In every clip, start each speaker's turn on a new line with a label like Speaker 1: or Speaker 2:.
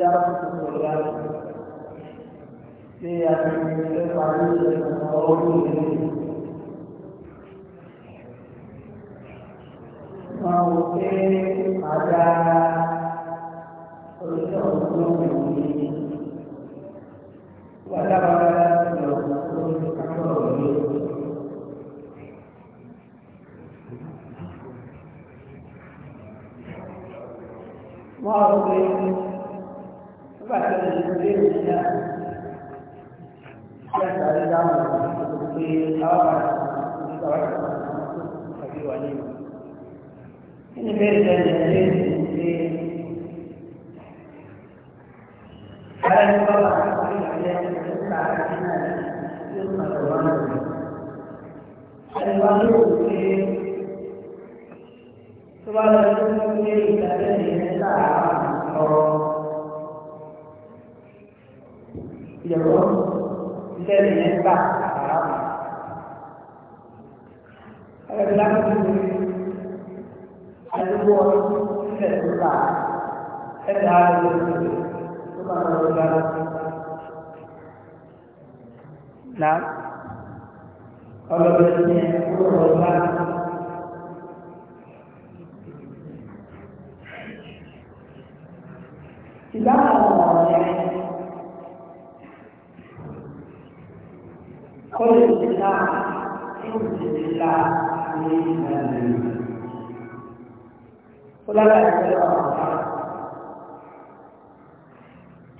Speaker 1: dáhùn tó yá lọ. Ṣé a ti ní ṣe parí ìṣẹ̀lẹ̀ ọ̀rọ̀ ìlú? Máa wò pé àga olùsọ̀ ọ̀gbọ́n mi ní wàdábàdà lọ́wọ́ lórí akọ̀rọ̀ mi. Wọ́n á rọ̀ pé ní bẹ́ẹ̀ lẹ́yìn Nah,
Speaker 2: kalau biasanya berubah,
Speaker 1: tidak ada Kalau kita, kita ini, kalau kita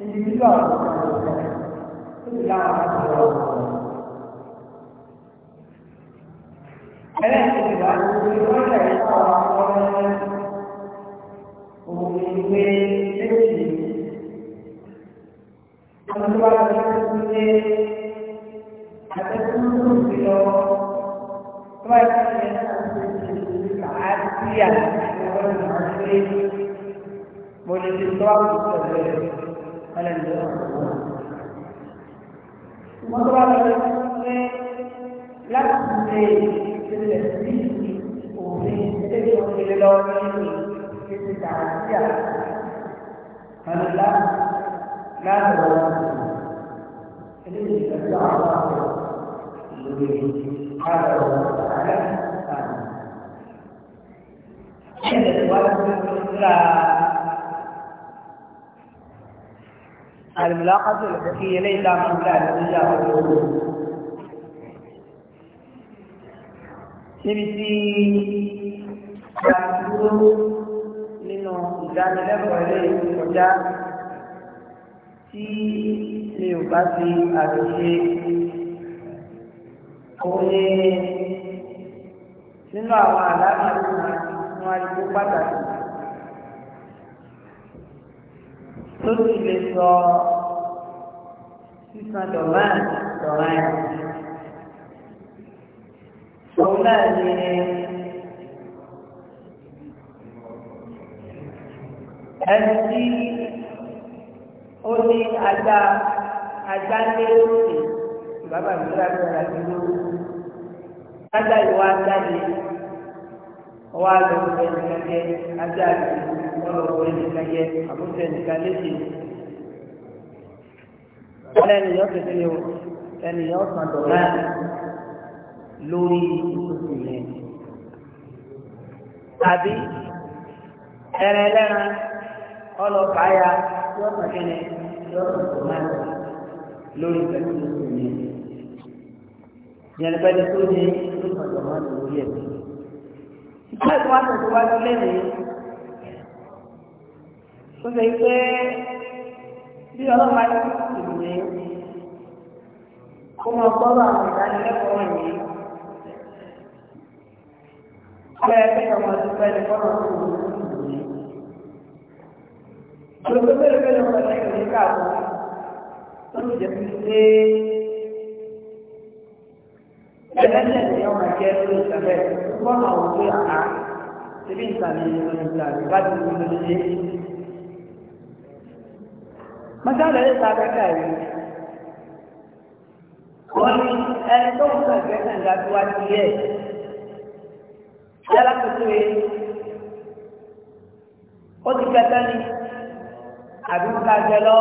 Speaker 1: individual tó ti láwọn láti lọ ẹlẹ́sìn ìgbà ìwọ́n lẹ̀ sọ àwọn òun ìwé lẹ́sìn àwọn tó bá lọ sí ilé àtẹ̀kùn tó ti lọ
Speaker 2: tó bá yẹ kí ẹ náà ti ti ìgbà àti àti ìwọ́n lọ sí mo lè ti tọ́ àwọn ìṣẹ̀lẹ̀ rẹ̀
Speaker 1: ẹlẹ́dẹ̀ẹ́ wọ́n tó bá lọ sí láti ṣe ìṣẹ̀lẹ̀ sí òfin tẹ́lẹ̀ òkèlè lọ nínú títí tààtíà ọ̀nà láti wọ́n eléyìí ìtọ́jú àwọn àwọn lórí àlọ́ àlẹ́ àná.
Speaker 2: Ẹ̀ẹ́dẹ̀ẹ́dẹ̀ wá sí ìlú الملاحظة الفقهية ليس من كان إلا níbi tí
Speaker 1: a dúró
Speaker 2: nínú ìdánilẹ́kọ̀ọ́ ilé ìkọjá tí mi ò bá ti àṣìṣe òun ni nínú àwọn àlàáfíà tí wọ́n á rí kó pàtàkì
Speaker 1: tó ti lè sọ sísan dọ̀bá dọ̀bá ẹ̀. Òun náà ni ẹni tí
Speaker 2: ó ní ajá ajá lé lóde bàbá mi lágbára dúró ajá ìwà ajá lé wà lọ́wọ́ ẹni kẹ́kẹ́ ajá lé lọ́rọ̀ orí nìkan yẹ àbúṣe nìkan léṣe. wọ́n ẹni yọ tètè o ẹni yọ san dọ̀là lórí ìtòkù yẹn. tàbí ẹrẹ lẹ́ran ọlọ́pàá ya yọ san kíni yọ san dọ̀là lórí ìtòkù yẹn.
Speaker 1: yẹn lẹ́pẹ́ ní tó ní yọ san dọ̀là lórí ẹ̀.
Speaker 2: ìgbà tí wọ́n á tẹ̀síwájú lẹ́nu ó ṣe pé bí ọlọ́pàá ti sì ní kó máa gbọ́dọ̀ àwọn
Speaker 1: ìdánilẹ́kọ̀ọ́ yìí pé ẹgbẹ́ ọmọ ọdún pẹ́ẹ́lẹ́ kọ́nà tó wù
Speaker 2: ú lóko bẹ́ẹ̀ bẹ́ẹ̀ lọ́pọ̀ lẹ́yìn oníkà wọn tó ń jẹ́ fi ṣe ẹlẹ́sẹ̀ ní ọmọ ẹ̀jẹ̀ lórí ìṣẹ̀lẹ̀ gbọ́dọ̀ àwọn òkú àná ṣe bí ìsàlẹ̀ ìṣẹ̀lẹ̀ ìṣẹ̀lẹ̀ bá Masalah dia tak pakai. Wani ẹni tó ń sàn kẹsàn ìgbà tó wá sí ẹ. Yálà tuntun yìí, ó ti kẹsẹ́ ni, àbí ń ka jẹ lọ.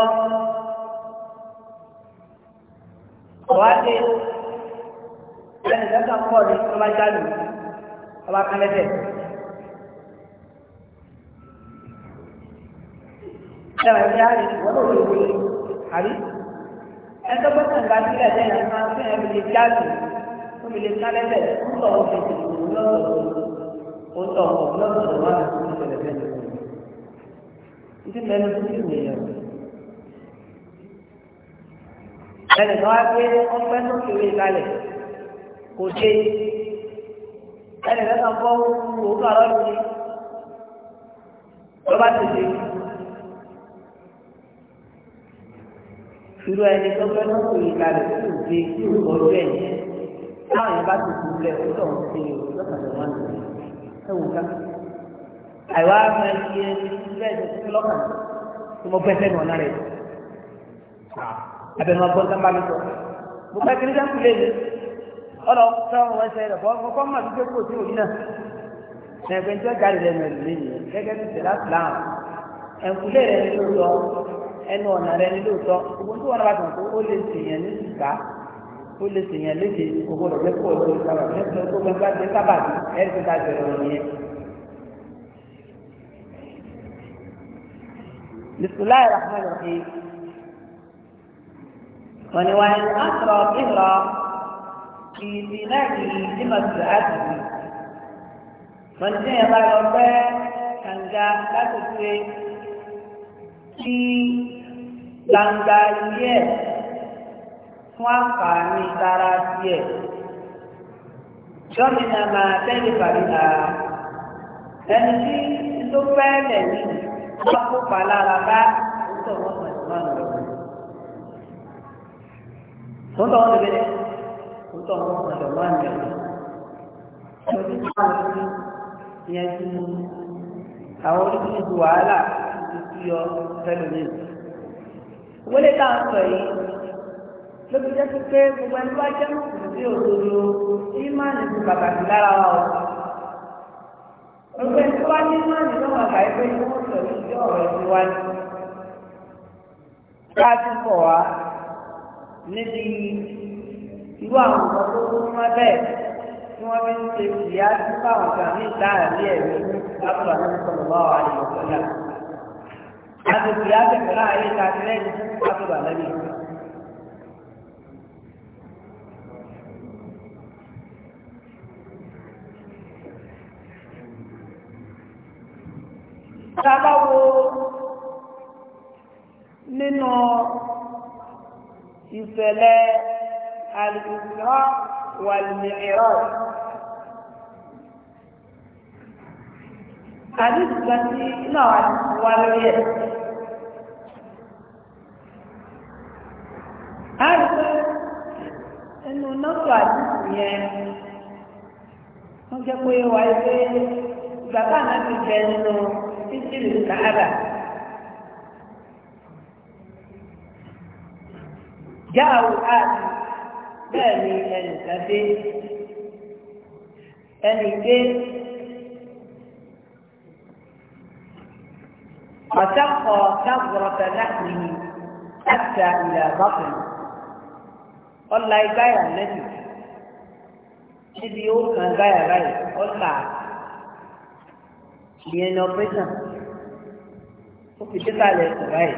Speaker 2: Ọ̀wádìí, ẹni kẹsàn pọ̀ ní ọba jálù, ọba kan ẹ̀rọ ìyá rẹ̀ wọ́n lò ló wọlé àrí ẹjọ́ bó kàn ga sílẹ̀ lẹ́yìn àwọn fún ẹ̀mí lè jáde fún mi lè kálẹ́lẹ̀ ń tọ̀ wọ́n fi tètè
Speaker 1: lọ́sọ̀rọ̀ ó tọ̀ wọ́n lọ́sọ̀rọ̀ wọn àti ìṣẹ̀lẹ̀ bẹ́ẹ̀
Speaker 2: ìdí mẹ́nu tó ti wòye ọ̀rọ̀ ẹnì kan wá pé ọpẹ́ tó kéré ìbálẹ̀ kò dé ẹnì kan kan bọ́ lọ́dún ní lọ́ba tètè. irú ẹni tó fẹ́ náà sórí kalẹ̀ tí ò gbé tí ò gbọ́dọ̀ ẹ̀ yẹn táwọn yẹn bá ti kú lẹ̀ ó tọ̀ ń ṣe o lọ́kàtà wọn lò ẹ wò ká. àìwá máa ń ṣe bẹ́ẹ̀ ní fún lọ́kàn tí mo fẹ́ sẹ́nu ọ̀nà rẹ̀ abẹnú ọgbọ́n tó ń bá mi sọ. mo fẹ́ kiri sẹ́kù lé mi ọ̀rọ̀ táwọn wọn ṣe rẹ̀ bọ́ ọkọ mọ̀ ní pẹ́kù òsì òyìn náà. ẹ̀ ẹnu ọ̀nà rẹ ní lóòótọ́ gbogbo tí wọn bá tàn kó ó lè sèyàn ní ìta ó lè sèyàn léde gbogbo rẹ fẹ́ pọ̀ lórí sábà fẹ́ tó gbogbo àti sábàbí ẹ̀rí tó bá bẹ̀rẹ̀ wọn yẹn. bisimilahi rahman rahim wọn ni wọn á sọ ìrọ
Speaker 1: ìdí náà kì í dí màtí àdìrí
Speaker 2: ti yẹn bá lọ pẹ́ kànga láti pé gbangba ilé ẹ̀ fún àǹfààní tara sí ẹ̀ gómìnà máa tẹ́lẹ̀ fàrídà ẹni tí ló fẹ́ lẹ̀ ní wọ́n kópa lára bá òótọ́ wọn pẹ̀lú wọn lọ. òótọ́ wọn lè bẹ̀rẹ̀ òótọ́
Speaker 1: wọn pẹ̀lú wọn lọ. lórí táwọn ọdún yẹn ti mú àwọn oríṣiríṣi wàhálà ti fi ọ fẹ́lẹ̀ nínú. wọlé tá a sọ yìí
Speaker 2: ló fi jẹ́ gbogbo ẹni bá jẹ́ mùsùlùmí òdodo ìmánì ti pàtàkì lára wa o.
Speaker 1: gbogbo ẹni wá ní ìmánì tó wà káyé pé kí sọ yìí sí ọ̀rọ̀ sí wa ní.
Speaker 2: ká ti wá níbi irú àwọn tó bẹ́ẹ̀ tí wọ́n fi ń ṣe ìyá àti kìláàsì pẹ̀lú àyè ìtàkì lẹ́yìn àtúbà lẹ́yìn. Tábà wo nínú ìṣẹ̀lẹ̀ àlùfáà wal-Mi'raj. Àdìsí kan náà wà lórí ẹ̀. nọ́ọ̀tù àdìsù yẹn wọ́n jẹ́ pé wà á gbé bàbá náà ti bẹ nínú títìrì káàbà. jáàwó àti bẹ́ẹ̀ ni ẹnìkan dé ọ̀la igbáyà lẹ́nu níbi ó kàn gáyà báyìí ọ̀la ìyẹn ní ọ̀pẹ́sàn ó fi dé kalẹ̀ ẹ̀sùn báyìí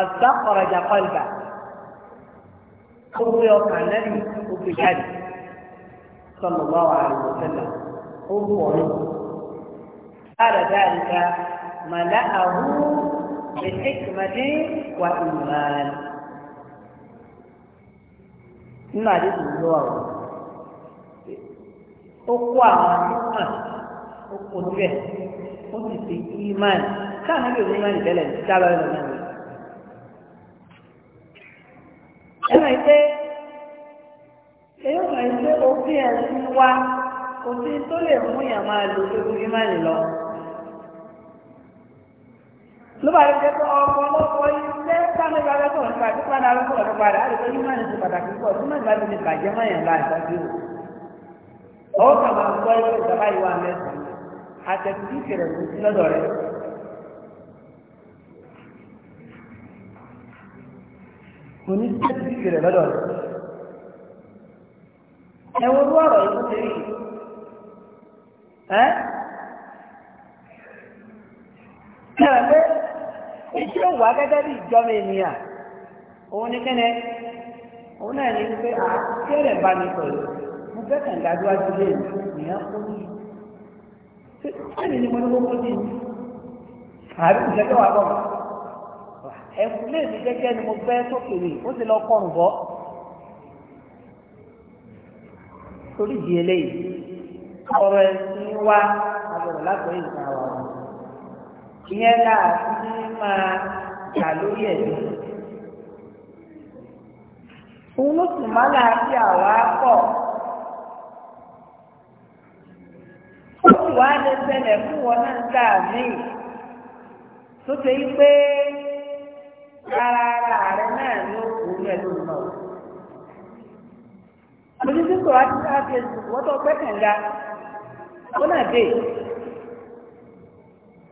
Speaker 2: ọ̀sán ọ̀rọ̀jà kọlbà ó gbé ọkàn lẹ́nu ó fi jáde sọ̀rọ̀ bá wà lọ́wọ́ sẹ́lẹ̀ ó wù ọ́ lọ́wọ́. قال ذلك ملأه بحكمة وإيمان nínú àdéhùn ló wà ó àwọn àdúgbò ó kó ó sì fi ìmán sáà níbi òní ìmán ìtẹ́lẹ̀ ní sábà lọ náà ni. ẹnà èyí lọ. ló bá yẹ kó ọkọ lọ́kọ yìí ṣé sáni bá lọ́kọ̀ nípa padà lọ́kọ̀ ló padà á lè tó yúmọ̀ nípa pàtàkì pọ̀ tí mọ̀ nípa ti ní bàjẹ́ mọ̀ yẹn láì sọ́jú. ọwọ́ kà máa gbọ́ ẹgbẹ́ ìjọba yìí mẹ́sàn-án àtẹ̀kùtì kẹrẹ̀ kù sí lọ́dọ̀ rẹ̀.
Speaker 1: kò ní lọ́dọ̀
Speaker 2: rẹ̀. ẹ èyí yóò wá gẹ́gẹ́ bí ìjọba ènìyàn òun ní kẹ́nẹ́
Speaker 1: òun náà ní pé àkẹ́rẹ̀ bá mi pẹ̀lú
Speaker 2: mo fẹ́ kàn dájúwájú lé ìyẹn kó ní ẹni ni mo ní kókó ní ìlú
Speaker 1: àbí kò sẹ́kẹ́ wà bọ̀
Speaker 2: ẹ̀kú lè mi gẹ́gẹ́ ni mo fẹ́ sókèrè ó sì lọ kọrùn bọ́ torí ìdí eléyìí ọ̀rọ̀ ẹ̀sìn wa àbẹ̀rẹ̀ látọ̀ ìgbà wa ìyẹn là ń máa gbà lórí ẹ̀mí. òun ló sì máa láàbí àwa pọ̀. ó sì wá lè ṣẹlẹ̀ fún wọn náà gbà míì tó ṣe yí pé ara ara rẹ náà ni ó ní ẹlòmíràn náà. wá wọ́n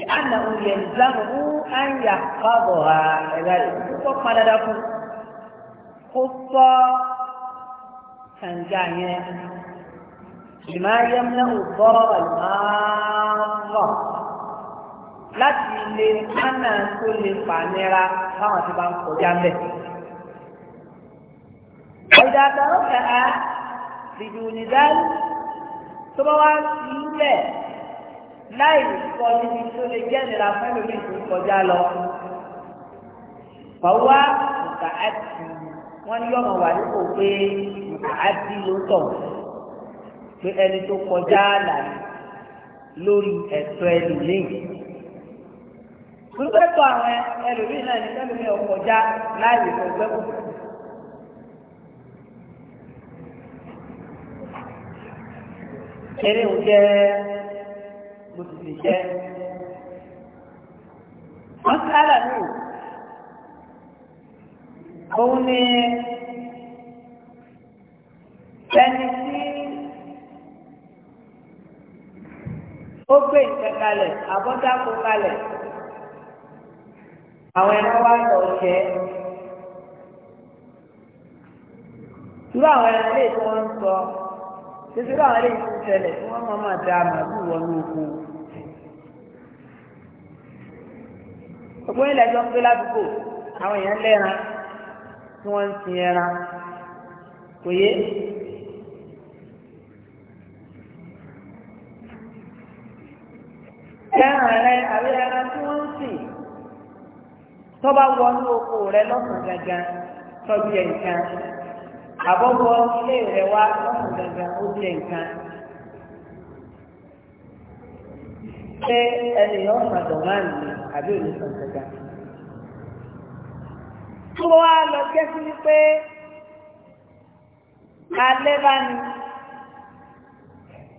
Speaker 2: لأنه يلزمه أن يحفظها كذلك فوق ما لدكم خطة كان بما يمنع الضرر المارة láti lè hánà tó lè fànira fáwọn tí bá ń kọjá ń bẹ̀. àtàwọn kàá bìdùnìdá tó bá wá sílẹ̀ láì kọ níbi tó lè jẹ́ ìnira fún mi tó kọjá lọ. Fọwọ́ nǹkan àti wọ́n ní ọmọ wà nípò pé nǹkan àti ló tọ̀ pé ẹni tó kọjá làyè lórí ẹ̀tọ́ ẹlòmíì. Gbígbẹ́tọ̀ àwọn ẹlòmíì náà ní ẹlòmíì ọkọjá láì kọ gbẹ́kùn. Eré òun jẹ́ bó ti lè jẹ́. wọ́n ti hálà ní òun ni ẹni tí ó gbé ìtẹ̀kalẹ̀ àbọ̀dáko kalẹ̀ àwọn ẹran wá lọ jẹ́ irú àwọn ẹran lè tí wọ́n ń sọ títí irú àwọn ẹran lè tí ṣẹlẹ̀ tí wọ́n máa máa da màálù wọnú oko. ògbóyin lẹ́jọ́ ń gbé ládùúgbò àwọn èèyàn lẹ́ran tí wọ́n ń sin ẹran kò yé. ẹran rẹ àwọn ẹran tí wọ́n ń sìn tó bá wọnú oko rẹ lọ́sàn-án gangan tọ́jú ẹ̀ nǹkan àbọ̀bọ̀ ilé rẹ wá lọ́sàn-án gangan ó jẹ nǹkan. pé ènìyàn padà máa ń àbí olùsàn Tó wá lọ jẹ́ sí wípé alẹ́ bá ní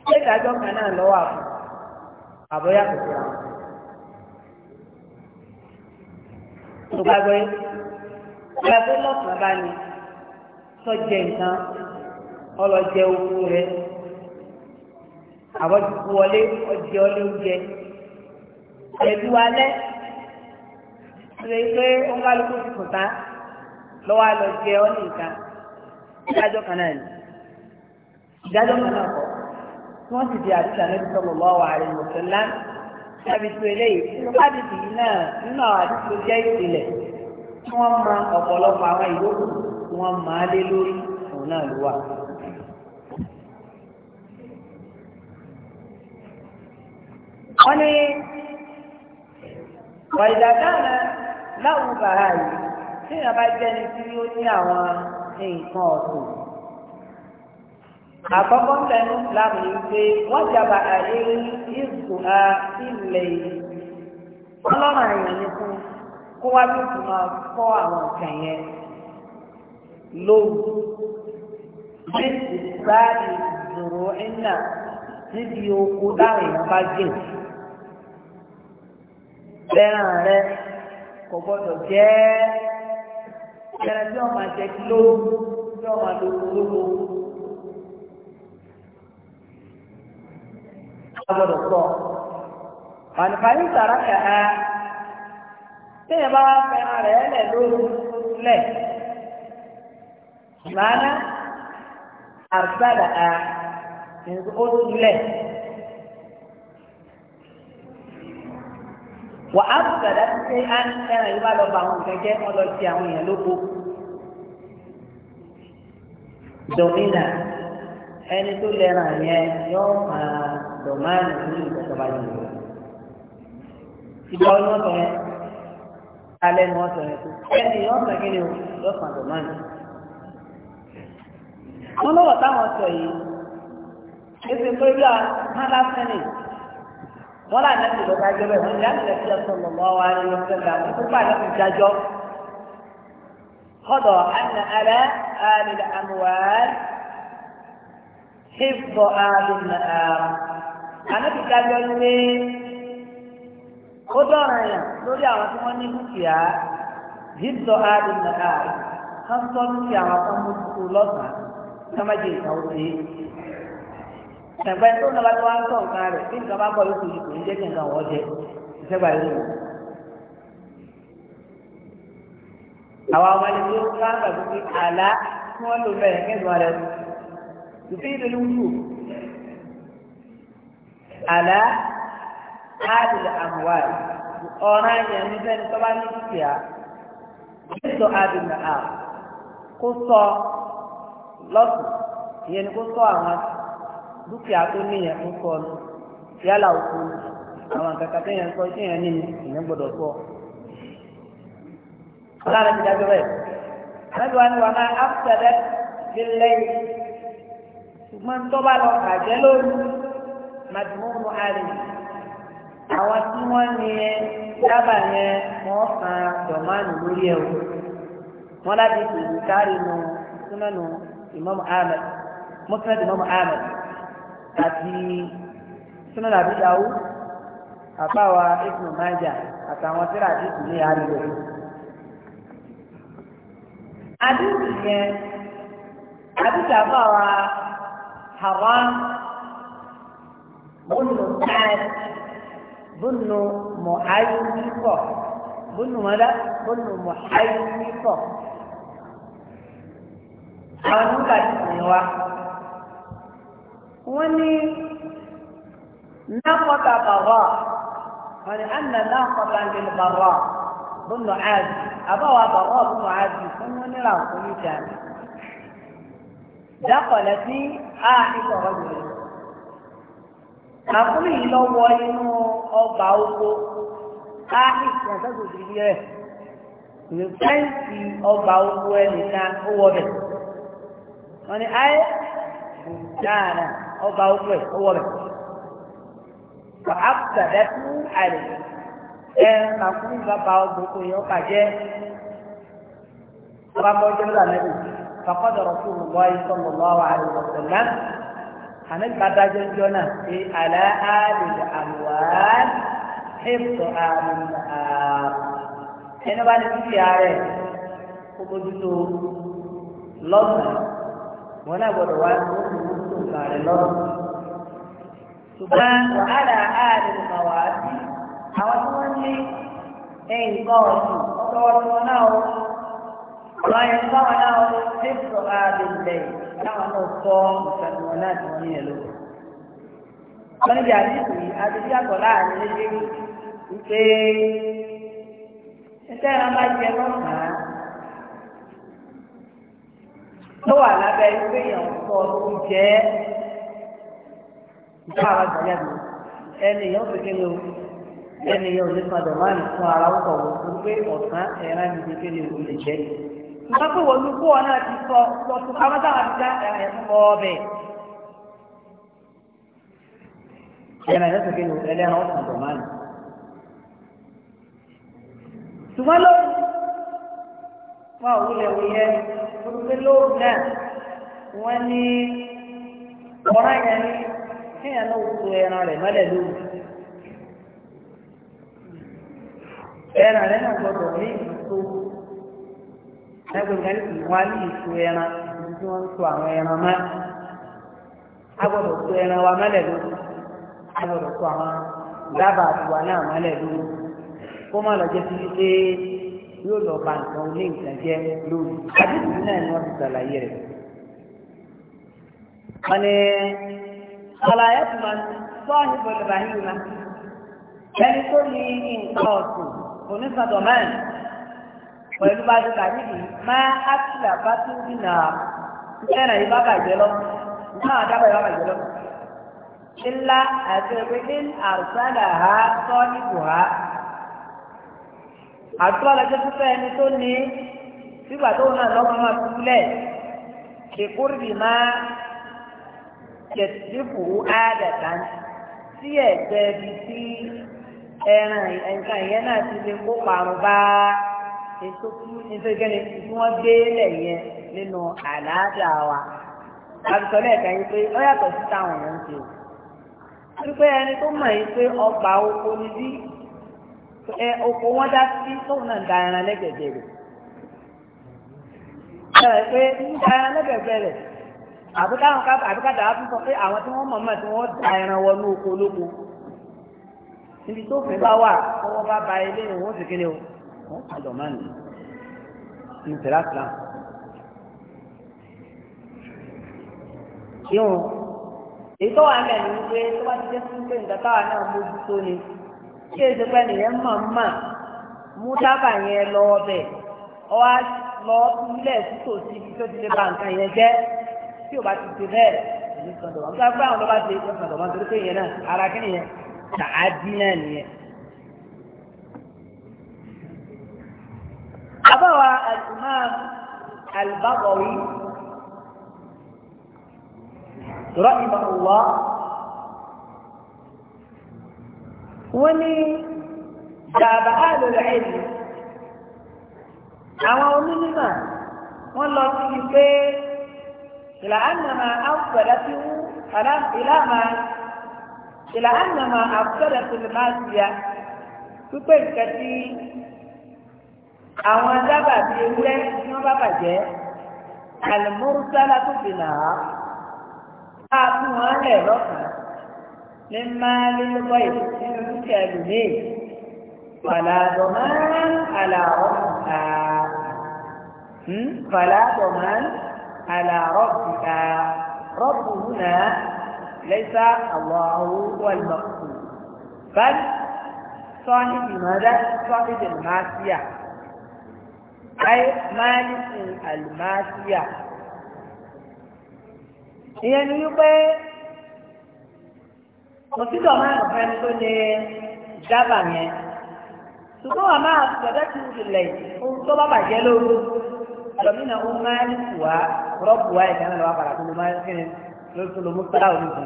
Speaker 2: ṣé ìdájọ́ kan náà lọ́wọ́ àbọ̀ àbọ̀yá kò àwọn. Tó bá gbé bá àwọn ti kú wọlé ọjọ́ lé oúnjẹ ẹ̀dú alẹ́ ṣe pé wọ́n bá lóko ti kùtà lọ́wọ́ àlọ́ jẹ ọ́ ní ìta ìdájọ́ kan náà ni ìdájọ́ kan náà kọ́ tí wọ́n sì di àdúrà lẹ́nu sọ̀rọ̀ lọ́wọ́ ààrẹ mọ̀sálá tàbí tu eléyìí nínú káàdìsì yìí náà nínú àwọn àdúgbò jẹ́ ìpìlẹ̀ tí wọ́n mọ ọ̀pọ̀lọpọ̀ àwọn ìyókù tí wọ́n máa lé lórí òun náà ló wà. wọ́n ní wàyídà dáná láwùjọ ààyè tí èèyàn bá jẹ́ni tí ó ní àwọn nǹkan ọ̀sìn àkọ́kọ́ ń tẹnu láàmù yìí pé wọ́n jàbá àyè ìzù a ilẹ̀ ọlọ́run àyàn ni fún kó wá bí kò máa fọ́ àwọn nǹkan yẹn lóru bí ìgbà ìdúró ẹ̀ náà níbi oko láwọn èèyàn bá ẹran rẹ kò gbọdọ̀ jẹ́ ẹran tí wọ́n máa jẹ kí lóru tí wọ́n máa lo olówó. a gbọdọ̀ sọ àǹfààní sàrà kàá téèyàn bá wá fẹ́ràn rẹ̀ lẹ̀ lẹ̀ wà á bùkàdá ṣe á ẹran yìí bá lọ bá àwọn nǹkan jẹ́ wọ́n lọ sí àwọn èèyàn lóko. domina ẹni tó lẹ́ràn yẹn yóò máa dọ̀mánì ní ìjọba yìí. ìgbà ọdún ọ̀sán yẹn alẹ́ ni wọ́n sọ yẹn tó ẹni yóò sàn kí ni o yóò sàn dọ̀mánì. wọ́n lọ́wọ́ táwọn sọ yìí èsì pé bí wọ́n là nẹ́bí ló dájọ́ bẹ́ẹ̀ wọ́n lẹ́nu lẹ́bí ọ̀sọ̀lọ̀ mọ́ wa ni wọ́n fẹ́ẹ́ làwọn tó bá lẹ́bí dájọ́. kọ́dọ̀ ẹnna ẹrẹ́ àlè àmúwárí hìfọ̀ àlè nàárà. ànábì dájọ́ ní ó dọ̀ràn yàn lórí àwọn tí wọ́n ní dúkìá hìfọ̀ àlè nàárà. kọ́ńtọ́ dúkìá àwọn kan mú tuntun lọ́sàn-án kí wọ́n má jẹ ìtàwọ́ sí i. ẹ̀gbẹ́ tó náà bá tó wá ń tọ̀ nǹkan rẹ̀ bí nǹkan bá bọ̀ yóò tóbi kò ní jẹ́ kí nǹkan wọ́n jẹ ìṣẹ́gbà yóò wò. àwa ọmọ ẹni tó ń bá gbàgbé pé àlá tí wọ́n lò bẹ́ẹ̀ kẹ́sùn rẹ̀ tùfí ìdílé wúlò àlá áàdìlẹ̀ àmúwá ọ̀ràn ẹ̀yẹ ní sẹ́ni tó bá ní dúkìá kí sọ àdìlẹ̀ à kó sọ lọ́sùn ìyẹn ni kó sọ àwọn àti dúkìá tó níyẹn kọ yálà òkú àwọn tó kọ tó ní ìyẹn gbọdọ̀ kọ.
Speaker 1: ọlọ́run ti dájọ́ bẹ́ẹ̀
Speaker 2: lọ́dọ̀ wọn ni máa áfẹ́rẹ́ bí lẹ́yìn ṣùgbọ́n tó bá lọ kàjẹ́ lóru màdìmọ́mù àlè àwọn tí wọ́n ní ẹ dábàá yẹn wọ́n lórí o láti ìmọ̀mù àti sunan àbí yahoo àpáwa ibnu maja àtàwọn tíra àdìsí ní àríwá àdìsí yẹn àdìsí àpáwa hawa bunu sáàd bunu muhayyikọ bunu mọdà bunu muhayyikọ àwọn nígbà tí wọn wá wọ́n ní nákọ́tà bàbá wọ́n ní àná nákọ́tà ń gbẹ̀lẹ̀ bàbá bùnú àdì àbáwá bàbá bùnú àdì fún wọn ní ràǹkó ní jàǹdà. dákọ̀lẹ̀ sí àìsàn ọ̀gbìn rẹ̀. àkúrò yìí lọ wọ inú ọgbà oko àìsàn ọ̀gbìn rẹ̀ yẹ ọgbà oko ẹnìkan ó wọ bẹ̀. wọ́n ní àìsàn ọ̀gbìn rẹ̀. ọba owó ẹ̀ ọwọ́ rẹ̀ wà á gbàdá fún àlè ẹ máa fún bàbá ọba jẹ́ ọba bọ́ jẹ́ lọ́dà nẹ́bí fàkọ́dọ̀ rọ̀tún lọ́wọ́ ìsọ̀mọ̀ lọ́wọ́ àlè ọ̀sẹ̀lá àmì gbàdájọ́ jọ náà ṣe àlá àlè àmúwàá ẹ̀fọ́ àmì àmì ẹni bá ní dúkìá rẹ̀ ọkàn rẹ̀ lọ́rùn. ṣùgbọ́n wàhálà ààrẹ ìmọ̀ wá sí àwọn tí wọ́n ní ẹ̀yìn nǹkan ọ̀sìn ọ̀dọ́wọ́ tí wọ́n náà ó wọ́n yẹ kí wọ́n náà ó ṣe sọ ààrẹ ilẹ̀ náà wọn náà tí wọ́n ní ẹ̀ lọ. wọ́n àdìsí àdìsí láàrin wípé bá lọ́sàn-án tó wà lábẹ́ ìwé èèyàn tó jẹ́ ìjọ àwọn àgbàyà mi ẹni èèyàn o ẹni ò ní padà máa ní fún ara ó kọ̀wé fún pé ọ̀sán ẹ̀rá mi ti o lè jẹ́. wọ́n pè wọ́n kó ọ náà sọ sọ tó àwọn táwọn ti dá ẹ̀rá yẹn fún ọ bẹ́ẹ̀. ẹ̀rá yẹn fi kéde o ẹlẹ́ran ṣùgbọ́n lórí wọn ò wulẹ̀ wòye olùgbé lóòrùn na ya ní ya yẹn ní na náà wùtò ẹran rẹ̀ mọ́lẹ̀ lóòrùn. na rẹ̀ na gbọ́dọ̀ ní na ẹgbẹ̀rún kan wá ní ìtò na tí wọ́n àwọn na wa àwọn dábàá kó má lọ yóò lọ ba nǹkan olé nǹkan jẹ lórí àdéhùn náà ni wọn ti sàlàyé rẹ. wọn ni àlàyé tó máa ń sọ́ọ̀hìn bọ̀lẹ̀ báyìí ma ẹni tó ní nǹkan ọ̀sùn onífàdọ̀mọ́ẹ̀ pẹ̀lú bá ti tàbí yìí máa á ti là bá tó bí nà ṣẹ́nà yìí bá bàjẹ́ lọ náà dábàá yìí bá bàjẹ́ lọ. ńlá àti ẹgbẹ́ ní àrùsádà ha sọ́ọ́ níbù ha àdúrà lọ́jọ́ pípẹ́ ẹni tó ní sígbà tó náà lọ́mọ máa túlẹ̀ kékúrì máa yẹtìdìbò àádàtà sí ẹ̀gbẹ́ ibi tí ẹran nǹkan ìyẹn náà ti lè kó parun bá ètò ìfẹ́gẹ́ni tí wọ́n gbé lẹ̀ yẹn nínú àlàáfíà wa. àbùsọ̀lẹ̀ ẹ̀ka yìí pé ó yàtọ̀ sí táwọn èèyàn ń ṣe o. wípé ẹni tó mọ̀ yìí pé ọgbà oko ni bí ẹ oko wọn dá sí tóun náà ń da ẹran lẹ́gbẹ̀gbẹ̀ rẹ̀ ẹ rẹ̀ pé ń da ẹran lẹ́gbẹ̀gbẹ̀ rẹ̀ àbíkáwọn ká àbíkáta á tún sọ pé àwọn tí wọ́n mọ̀ mọ̀ tí wọ́n da ẹran wọnú oko olóko níbi tó fi bá wà ọwọ́ bá ba ilé ìwọ̀n sì kéde o wọ́n padà máa nì ní tẹ̀láṣà. yóò èyí tó wà wípé tó bá ti jẹ́ fún pé nǹkan táwa náà mójútó ni tí èsì pẹ́ nìyẹn mọ̀ mọ̀ mú dábà yẹn lọ ọbẹ̀ ọwá lọ sílẹ̀ sítòsí ibi tó ti lè ba nǹkan yẹn jẹ́ tí ò bá ti ti bẹ́ẹ̀ ní sọ̀dọ̀ wọn. nígbà fún àwọn ọlọ́ba ti ṣe sọ̀dọ̀ wọn torí pé yẹn náà ara kí nìyẹn tàá dín náà nìyẹn. àbáwa al-Imam al-Baghawi rahimahullah. wọ́n ní bàbá àlòlò ẹ̀dì àwọn onímọ̀ wọ́n lọ sí pé ìlà ànàmà àfẹ́rẹ́ tí wú ìlànà ìlà ànàmà àfẹ́rẹ́ tí lè máa ti ya pípẹ́ nǹkan àwọn dábàá bíi ewúrẹ́ tí wọ́n bá bàjẹ́ àlùmọ́rúsálà tó fi á. fún wọn lẹ̀ lọ́kàn ní máa lé lọ́pọ̀ ìlú nínú dúkìá ẹlòmíì fàlàdọ̀mán àlàrọ̀bìkà fàlàdọ̀mán àlàrọ̀bìkà rọ́bù hùnà lẹ́sà àwọ̀ wàlmọ̀kù bal ماذا صاحب المعصية أي مالك المعصية ìyẹn kòsídọ̀ máa ń fẹ́ tó lè dábàá yẹn ṣùgbọ́n wà máa gbọ́dọ̀ tí ó lè ohun tó bá bàjẹ́ lóru lọ́mìnà ó máa ń wà rọ́ọ̀bù wa ìdáná lọ́wọ́ padà tó ló máa ń kí ni lórí tó ló mú sára òun jù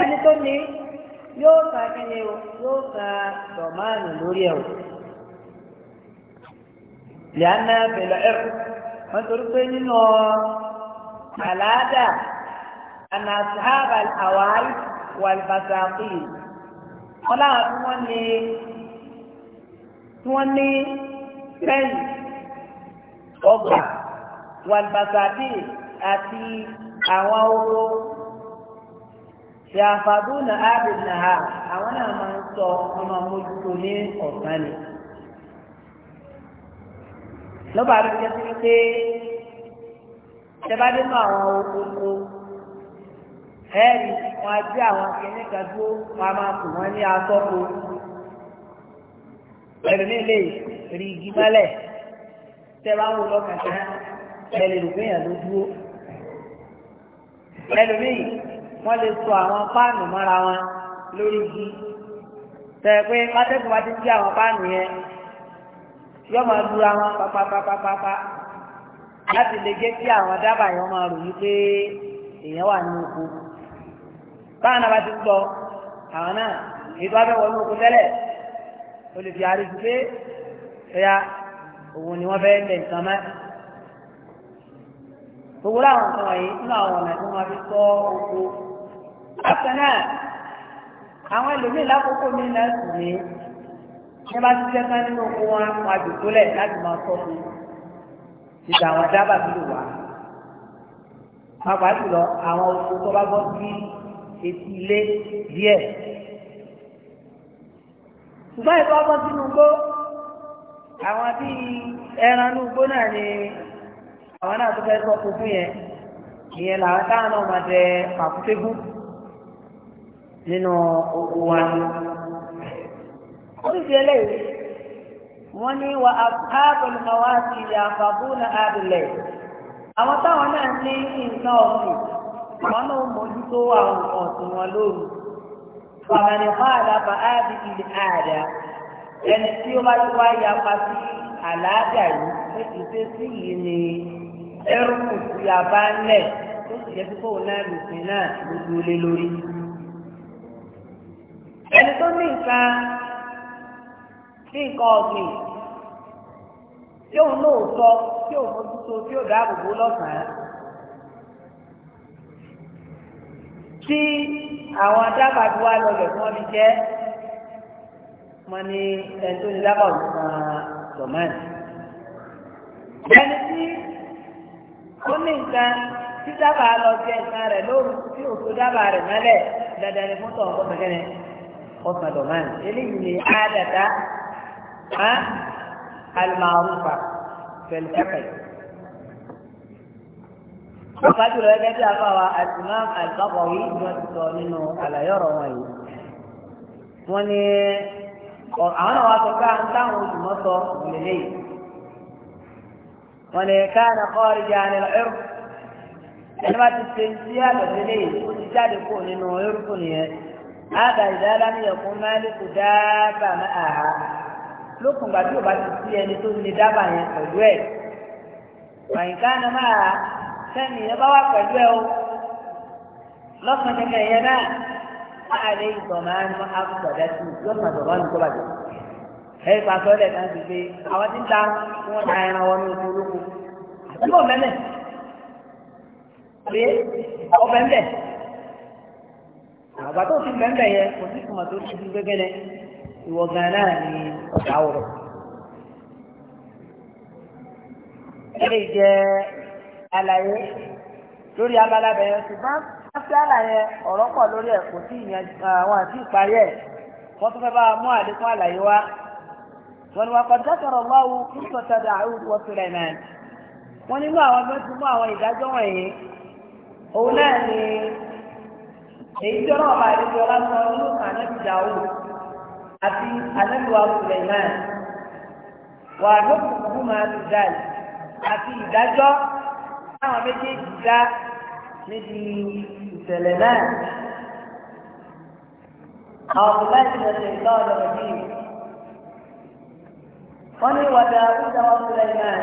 Speaker 2: ẹni tó ní yóò ka kí o yóò ka dọ̀mánù lórí ẹ̀ o. lẹ́yìn abẹ́lẹ̀ ẹ̀rù wọ́n torí pé nínú àlàádà ànàsáàbà àwárí wàlùbàṣàkì wọn láwọn tí wọ́n ní tí wọ́n ní pẹ́ẹ́lì ọgbà wàlùbàṣàkì àti àwọn owó yàfàdú na ábìlì nà ha àwọn náà máa ń sọ ọmọ mójútó ní ọ̀sán ni lọ́ba àbẹ̀jẹ́ sí pé ṣẹ́bá dínú àwọn oko ẹ̀rí wọn á gbé àwọn kìíní kan dúró wọn á máa kù wọn ní asọ́kù ẹ̀rí lè rí igi mọ́lẹ̀ tẹ́ bá wò lọ kàkà ẹ̀ lè rò pé èèyàn ló dúró ẹlòmíì wọ́n lè so àwọn páànù mọ́ra wọn lórí igi tẹ̀ pé látẹ́kùn bá ti gbé àwọn páànù yẹn yọ máa lura wọn pápápápápá láti lè jẹ́ kí àwọn dábàá yẹn máa rò wípé èèyàn wà ní oko báwọn náà bá ti gbọ́ àwọn náà ètò abẹ́wọ̀ ní oko tẹ́lẹ̀ o lè fi àárín ju pé ẹ̀yà òun ni wọ́n fẹ́ lẹ̀ nǹkan mọ́. gbogbo láwọn nǹkan wọ̀nyí nínú àwọn ọ̀nà tí wọ́n fi kọ́ oko. bákan náà àwọn ẹlòmíì lákòókò mi náà sì ní ní bá ti jẹ́ ká nínú oko wọn wọn àjòkólẹ̀ láti máa sọ fún ìgbà àwọn dábàá tó lè wà. pàápàá jùlọ àwọn oko tó bá gbọ́ sí etí ilé díẹ̀. ṣùgbọ́n ìfọ́ ọkọ̀ sínú gbó àwọn bíi ẹran inú gbó náà ni àwọn náà tó fẹ́ sọ́kù fún yẹn ìyẹn làwọn táwọn náà máa jẹ pàkútégún nínú oko wa. oríṣi eléyìí wọ́n ní wa ábùlùmọ̀ wá sí ìyàfàbùnà àbìlẹ̀ àwọn táwọn náà ní nǹkan ọ̀sìn àwọn náà mójútó àwọn nǹkan ọ̀sìn wọn lóru ọ̀mọ̀nì fún àdàbà áàbí ilẹ̀ àdá ẹni tí ó bá ti wá yapa sí àlàáfíà yìí ó ti ṣe sí yìí ni ẹrù kùtù yàbá ńlẹ̀ ó sì jẹ́ pípọ̀ náà lùfín náà gbogbo lé lórí. ẹni tó ní nǹkan ní nǹkan ọ̀gbìn tí òun náà sọ tí òun mójútó tí ò dáàbò bò lọ́sàn-án. tí àwọn adábàá ti wá lọ́dọ̀ tí wọ́n fi jẹ́ wọn ni ẹni tó ní lábàá òun kan dọ̀mán. ẹni tí ó ní nǹkan tí dábàá lọ jẹ nǹkan rẹ̀ lóru tí òkú dábàá rẹ̀ mọ́lẹ̀ dandan ni fún tọ̀hún kọ́mọ kẹ́rin ọ̀sán eléyìí ni àádàta alùmọ̀ àrùn fà pẹ̀lú pàtàkì rẹ̀ gẹ́gẹ́ bí afáwa àtìmọ́ àgbàpọ̀ yìí ni wọ́n ti sọ nínú àlàyé ọ̀rọ̀ wọn yìí. wọ́n ní àwọn náà wá sọ pé à ń táwọn olùmọ̀ sọ ìgbìlẹ̀ yìí. wọ́n ní káàna kọ́ọ̀rì jẹ́ àní ẹrù. ẹni bá ti ṣe sí àgbẹ̀lẹ̀ yìí ó ti jáde kó nínú eruku nìyẹn. àgbà ìdára ní ẹ̀kún máàlíkù dábàá máa lókùngbà tí ò bá ti sí ẹni tó ní dábàá yẹn pẹ̀lú ẹ̀. wàyíká náà máa tẹ́nì yẹn bá wà pẹ̀lú ẹ o lọ́sàn kẹkẹ yẹn náà láàrin ìgbọ̀nmọ́ àánú àbùsọ̀dẹ́ sí lọ́sàn ìgbọ̀nmọ́ àánú tó bàjẹ́ ẹ̀yìn pàṣẹ ọ̀lẹ̀ náà ti gbé àwọn tí ń ta wọ́n ta ẹran wọn ní olóko pé àgbà tó ti kò sí tó ti di gbẹ́gẹ́lẹ́ àlàyé lórí abala bẹ̀rẹ̀ ṣùgbọ́n láti àlàyé ọ̀rọ̀ pọ̀ lórí ẹ̀ kò sí ìyẹn àwọn àti ìparí ẹ̀ wọ́n tún fẹ́ bá mú àlékún àlàyé wá wọ́n ni wọ́n kọ́ dákẹ̀rọ̀ lọ́wọ́ kíkọ́ tẹ̀dà àrùn wọ́n fi rẹ̀ náà wọ́n nínú àwọn tó ti mú àwọn ìdájọ́ wọ̀nyí òun náà ni
Speaker 1: èyí tó náà bá àdéjọ
Speaker 2: lásán nínú ànábìjà òun àti ànábìwá òkùnrin náà wà lókùnkùn máa ti dáì àti ìdájọ́ táwọn méjèèjì dá níbi ìṣẹ̀lẹ̀ náà. àwọn ọ̀gá ìṣẹ̀lẹ̀ ṣe ìgbà ọ̀dọ̀ rẹ̀ bí. wọ́n ní wàdà àbújá wọn fúnra náà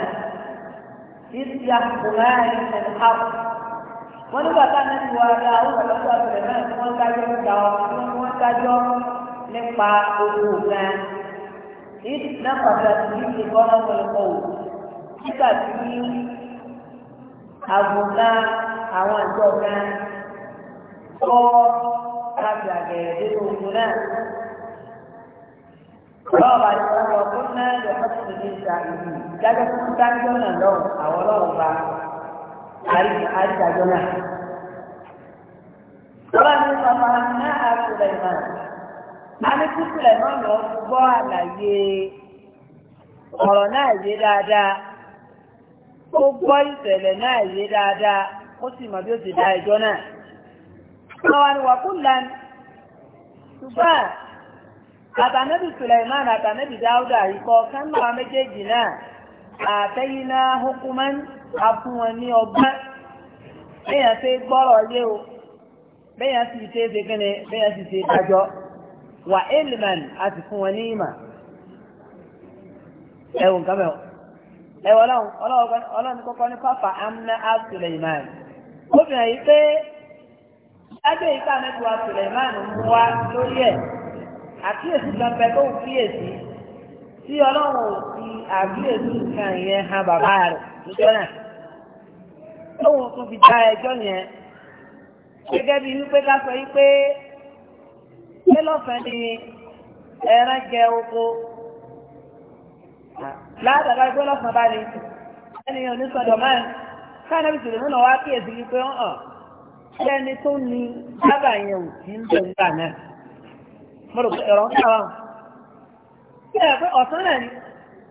Speaker 2: ìsì àkùnrin àìsàn ìṣẹ̀lẹ̀ wọ́n ní bàbá náà ti wá ra àwọn ọ̀dọ́ àbúrẹ̀ náà tí wọ́n dájọ́ nípa ọ̀hún wọ́n dájọ́ nípa owó gan. ìdí náà pàtàkì ní ìgbọ́nà ọ̀pọ̀lọpọ̀ àgùntà àwọn àjọ kan kọ́ nínú ogun náà. Lọ́ọ̀bà ti wá lọ fún náà lọ fọ́tò ní ìta ìlú. Dájọ́ fún dájọ́ náà lọ́wọ́ àwọn ọlọ́run bá náà. Lọ́ba ní bàbá náà àkùrẹ̀ náà. Amíkúkúrẹ̀ náà lọ gbọ́ àlàyé ọ̀rọ̀ náà yé ó gbọ́ ìṣẹ̀lẹ̀ náà yé dáadáa ó sì mọ̀ bí ó ti dá ẹjọ́ náà. Àwọn àníwàkúlà ṣùgbọ́n àtànẹ́bì Sùlẹ̀mán àtànẹ́bì Dáúdà ikọ̀ kánúwà méjèèjì náà àtẹ́yìn náà hukuman afúnwọn ní ọgbọ́n. Béèyàn ṣe gbọ́rọ̀ yé o, béèyàn sì ṣe é ṣe kíni, béèyàn sì ṣe dájọ́. Wà Elman a sì fún wọn ní ìmọ̀. Ẹ̀wùn kámẹ́wọ̀. ẹ wọ ọlọ́run kọ́kọ́ ní pápá amúná Suleiman obìnrin yìí pé lábẹ́ ìka mẹ́tọ́ Suleiman mú wa lórí ẹ̀ àkíyèsí lọ́pẹ́ tó kíyèsí tí ọlọ́run ò fi àkíyèsí nǹkan yẹn han bàbá rẹ̀ lọ́jọ́ náà lóhun fi dá ẹjọ́ yẹn gẹ́gẹ́ bí wípé ká sọ yí pé pé lọ́fẹ̀ẹ́ ni oko. látàbá ẹgbẹ́ lọ́sàn bá ní ẹnìyàn ní sọ̀dọ̀ máa káàdà bí sọ̀dọ̀ náà wá kíyèsí wípé wọ́n hàn lẹ́ni tó ní bábà yẹn ò sí ń bẹ̀ nígbà náà mo rò pé ọ̀rọ̀ ń kà wá. bí ẹ pé ọ̀sán náà ni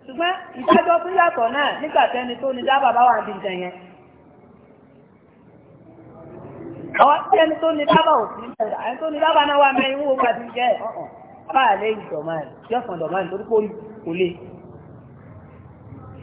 Speaker 2: ṣùgbọ́n ìdájọ́ tó yàtọ̀ náà nígbà tẹ́ni tó ní dábà bá wà níbi ìtẹ̀ yẹn. àwọn tí ẹni tó ní dábà ò sí ń bẹ̀ ẹni tó ní dábà náà wà mẹ́rin wó pàtó jẹ́ ọ̀hún. báà lé ìdọ̀mọ́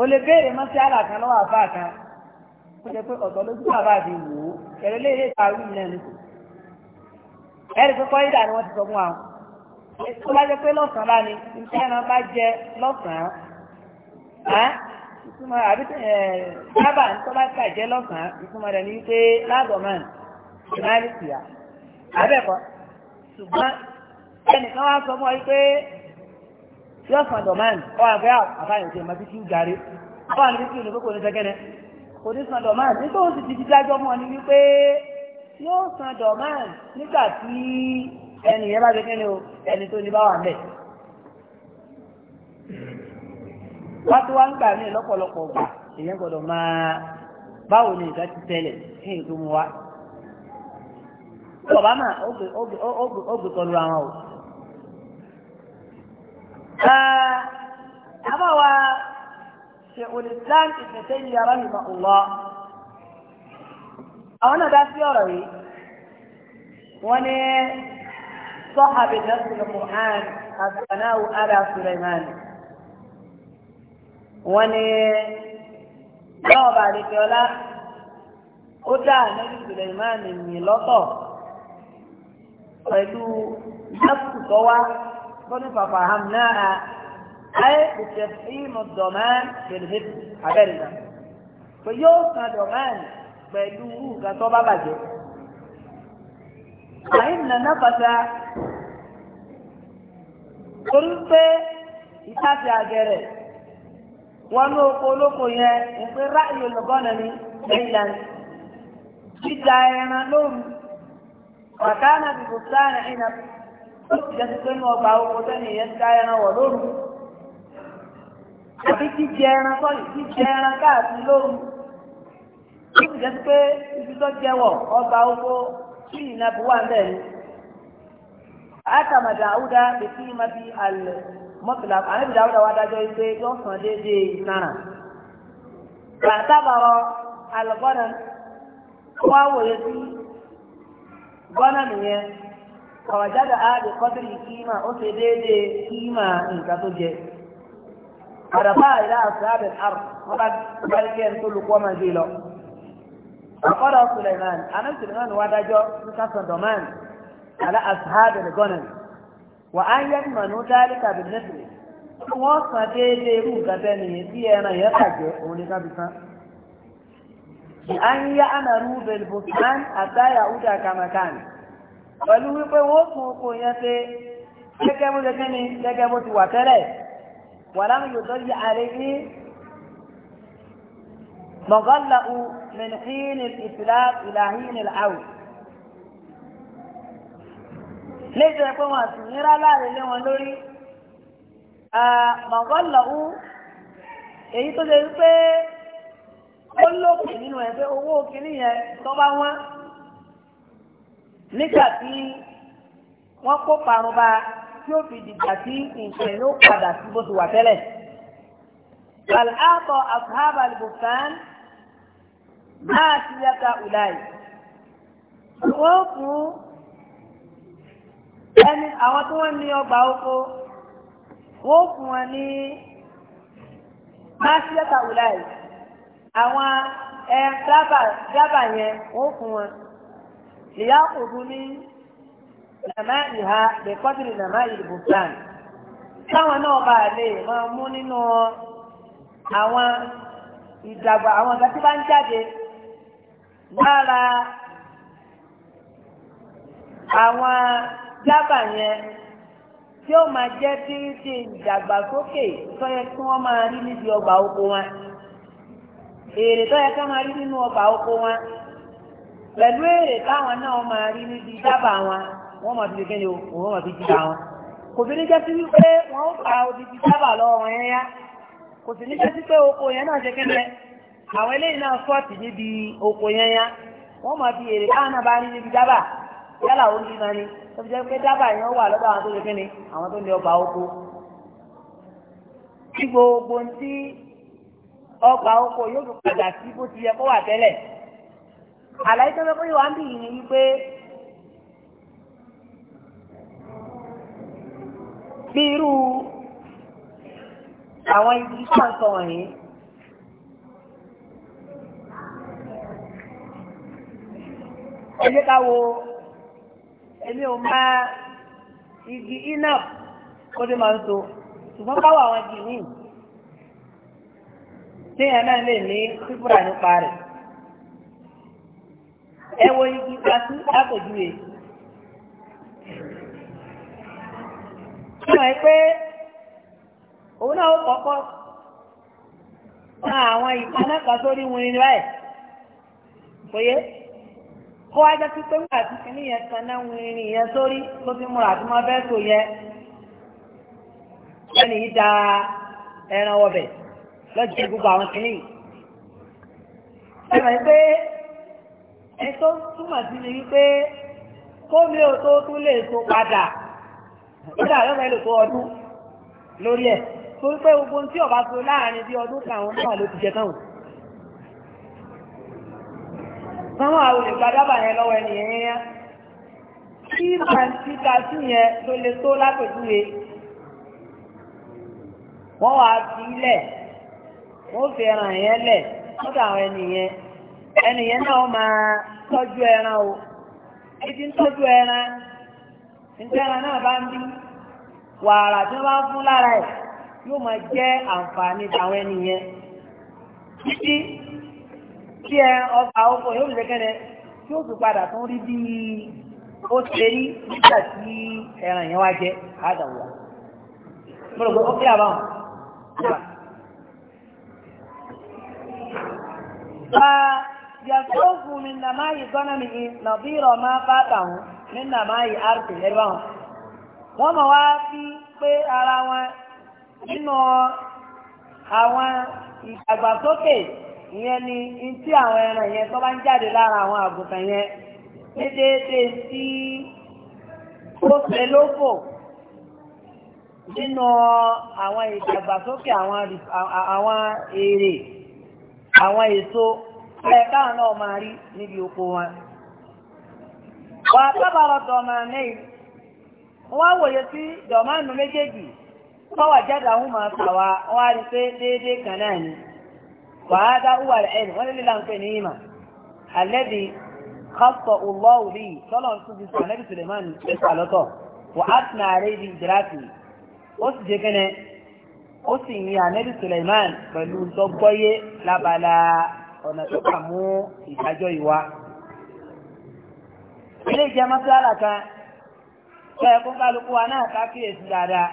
Speaker 2: o lè béèrè mọ́sí àlàkan lọ́wọ́ àbá kan ó jẹ́ pé ọ̀tọ̀ lójú bàbá àbí wò ó kẹ̀lẹ́ lè ta wí náà nìkú ẹ̀rì pé kọ́ ìdá ni wọ́n ti sọ fún wa tó bá jẹ́ pé lọ́sàn-án bá ní iṣẹ́ ẹran bá jẹ lọ́sàn-án ìtumọ̀ àbí sábà tó bá kà jẹ́ lọ́sàn-án ìtumọ̀ rẹ̀ ní wípé láàbọ̀mọ́n ìmáàlì tìyà àbẹ́ẹ̀kọ́ ṣùgbọ́n ẹnìkan wá sọ fún ọ wípé yóò san dọ̀mán ọwọ́ àgbẹ̀ àfáyàn tí ìmọ̀tí kí ń jàre ọwọ́ àgbẹ̀ kí olùkọ́ kò ní sẹ́gẹ́nẹ́ kò ní san dọ̀mán nígbà ó sì ti di dájọ́ mọ́ ni wípé yóò san dọ̀mán nígbà tí ẹni yẹn bá sẹ́gẹ́ni o ẹni tó ní bá wà mẹ́. wá tó wá ń gbà ní lọ́pọ̀lọpọ̀ gbà èyàn gbọ́dọ̀ máa báwo ni ìgbà ti tẹ́lẹ̀ kí èyí tó mu wá. ọ̀bá náà ó gbé tọ́lu àwọn o àmọ́ wa ṣèkùn islam ìfẹ̀sẹ̀ yìí yàrá ìmọ̀ ọ̀lọ́ àwọn náà dá sí ọ̀rọ̀ yìí wọ́n ní صاحب نفس القرآن الثناء أبا سليمان وني لو بعد كلا أتى نبي سليمان من لطف pẹ̀lú nafsu tó wá lọ́ní ففهمناها أي بتفهيم الضمان بالهبل abẹ́rẹ́ náà pé yóò san dọ̀mán pẹ̀lú nǹkan tó bá bàjẹ́. àyìn nàná pàtà torí pé ìtàkì àgẹ̀rẹ̀ wọnú oko olóko yẹn ìpín ráàyè olùgọ́nà ní mainland jíjà ẹran lóru wàkánà bìbò sáà nà ìnàbù. ó ti jẹ́ pé ní ọba oko tẹ́lẹ̀ yẹn ń dá ẹran wọ̀ lóru àbí jíjẹ ẹran sọ́ọ̀lì jíjẹ ẹran káàkiri lóru ó ti jẹ́ pé ibi tó jẹ́wọ̀ ọba oko kí ìnàbù wà ńbẹ̀ wa dájọ́ pé yóò sàn déédéé ìsàrà. bàtàbàrọ̀ àlùbọ́nà kọ̀wàjádà áàdì kọ́bìrì kíma ó ṣe déédéé kíma nǹkan tó jẹ. Àdàfà ìlà àṣàbẹ̀ àrùn wọ́n bá gbárí kí ẹni tó lu kọ́ máa gbé lọ. Àkọ́dọ̀ Sùlẹ̀mán, àná Sùlẹ̀mán wá dájọ́ ní Sásọ̀dọ̀mán, àlá àṣàbẹ̀ gọ́nà. Wà á yẹ kí mànú dárí kàbí nẹ́tìrì. Wọ́n san déédéé irú nǹkan nìyẹn tí ẹran yẹn bàjẹ́ òun ní kábí san. Ìhányá àmàlú bẹ̀lbùsán àtàyà údà pẹ̀lú wípé wọ́n kún okùn yẹn ṣe gẹ́gẹ́ bó ṣe kíni gẹ́gẹ́ bó ti wà tẹ́lẹ̀ wà láwọn yóò tọ́jú ààrẹ ní mọ̀gọ́lọ́hù mẹ́nìkínì ìfìlà ìlàhínì àwù. léjọ pé wọn àti nira láàrin lé wọn lórí mọ̀gọ́lọ́hù èyí tó ṣe wípé ó lókè nínú ẹ̀ owó kìíní yẹn tó bá wọ́n nígbà tí wọ́n kó parun bá tí ó fi dìgbà tí nǹkan ló padà sí bó ti wà tẹ́lẹ̀. Àlàbọ̀ àfáàbà Bùkán máa ti yàtà Ùláì. Wọ́n fún ẹni àwọn tí wọ́n ní ọgbà oko, wọ́n fún wọn ní máa ti yàtà Ùláì. Àwọn ẹ̀ eh, yẹn, wọ́n fún wọn. ليأخذ من نمائها بقدر نماء البستان náà bá lè máa mú nínú àwọn ìdàgbà àwọn ọ̀gá tí bá ń jáde lára àwọn jábà yẹn tí ó máa jẹ́ dídí ìdàgbàsókè tó yẹ wọ́n máa rí tó pẹ̀lú èrè táwọn náà máa rí níbi dábàá wọn wọ́n máa fi lè kẹ́ni wọ́n máa fi jìdá wọn kò sí ní jẹ́ sí wípé wọ́n ó pa odidi dábàá lọ́wọ́ wọn yẹn yá kò sí ní jẹ́ sí pé oko yẹn náà ṣe kẹ́kẹ́ àwọn eléyìí náà sọ́ọ̀tì níbi oko yẹn yá wọ́n máa fi èrè káwọn náà bá rí níbi dábàá yálà ó ní ma ni ó fi jẹ́ pé dábàá yẹn wà lọ́dọ̀ àwọn tó ṣe kẹ́ni àwọn tó ní ọgbà oko tí gbogbo ń tí ọgbà oko yóò àlàyé tó lọ́pọ̀ ìwà ń bì yìí ni wípé bí irú àwọn ibi sọ̀nsọ̀ wọ̀nyí ẹ jẹ́ ká wo èmi ò máa igi iná kó dé máa ń so ṣùgbọ́n káwọ́ àwọn igi míì téèyàn náà lè ní fífúra nípa rẹ̀. ẹ igi gbàtú lápèjúwe. Ṣé wọ́n pé òun náà ó kọ́kọ́ máa àwọn ìpaná sórí wọn ni báyìí? Òye kó wá jẹ́ sí pé wọ́n àti kìíní yẹn kan náà wọn ni yẹn tó fi múra máa fẹ́ ẹ tó túmọ̀ sí ni wípé kómi ò tó tún lè tó padà nígbà yóò fẹ́ lè tó ọdún lórí ẹ̀ tí ọba so láàrin bí ọdún kan àwọn náà ló ti jẹ táwọn. Sáwọn àwọn olùgbàdábà yẹn lọ́wọ́ ẹni yẹn yẹn tí màá ti ta sí yẹn ló lè tó Wọ́n wá fi ilẹ̀, wọ́n fi yẹn lẹ̀ lọ́dọ̀ àwọn ẹni yẹn. ẹnìyẹn náà máa tọ́jú ẹran o títí ń tọ́jú ẹran níta ẹran náà bá ń bí wàrà tí wọ́n bá ń fún lára ẹ̀ yóò máa jẹ́ àǹfààní tàwọn ẹnìyẹn títí tí ẹ ọba ọkọ̀ yóò lè kẹ́rẹ́ yóò tún padà tún rí bí ó ṣe rí nígbà tí ẹran yẹn wá pé yàtọ́fù mi nàmá yìí gọ́nà mi yìí nàbí rọ̀ máa bá tàwọn mi nàmá yìí àrùtì lẹ́rọ̀ wọn. wọ́n mọ̀ wá fi pé ara wọn nínú àwọn ìdàgbàsókè ìyẹn ni ntí àwọn ẹran yẹn tó bá ń jáde lára àwọn àgùntàn yẹn ní déédéé tí ó fẹ́ lófò nínú àwọn ìdàgbàsókè àwọn èrè àwọn èso. ẹ̀ káwọn náà máa rí níbi oko wọn. wà tábàrọ̀ dọ̀mà mẹ́yìn wọ́n wòye sí dọ̀mánù méjèèjì kọ́wà jáde àwọn máa tà wá wọ́n rí pé déédéé kan náà ni. wà á dá rẹ̀ ẹ̀rì wọ́n ń pè ní ìmà kọ́sọ̀ tọ́lọ̀ ń túbi Suleiman lọ́tọ̀ wà á ibi ó sì jẹ́ kẹ́nẹ́ ó sì Suleiman pẹ̀lú ọ̀nà tó kà mú ìdájọ́ ìwà. ilé ìjẹ́ mọ́sálà kan kẹ́ ẹ̀kún kálukú wa náà ká kíyèsí dáadáa.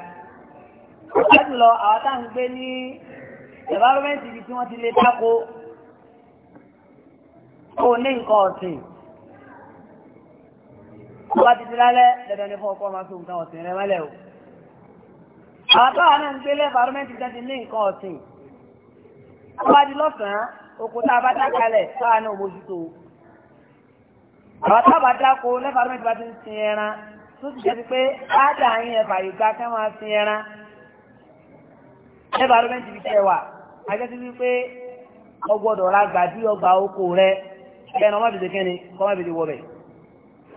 Speaker 2: lájùlọ àwọn táwọn ń gbé ní ẹ̀fáwọ́mẹ́ntì ibi tí wọ́n ti lè dáko kó ní nǹkan ọ̀sìn. wọ́n bá ti di lálẹ́ dandan ní fún ọkọ̀ máa so nǹkan ọ̀sìn rẹ mọ́lẹ̀ o. àwọn táwọn náà ń gbé lẹ́fáwọ́mẹ́ntì ibi ti ní nǹkan ọ̀sìn. wọ́n bá di lọ́sàn-án oko tá a bá dá kalẹ̀ káà náà mójútó àwọn tábà dáko lẹ́fàmẹ́tì bá ti ń sin ẹran tó ti jẹ́ pé ádà yín ẹ̀fà ìgbà kẹ́ máa sin ẹran lẹ́fàmẹ́tì bí tẹ̀ wà ajẹ́sí wípé ọgbọ́dọ̀ ra gbàdí ọgbà oko rẹ ẹran ọmọ ìdíje kẹ́ni kọ́mọ ìdíje wọbẹ̀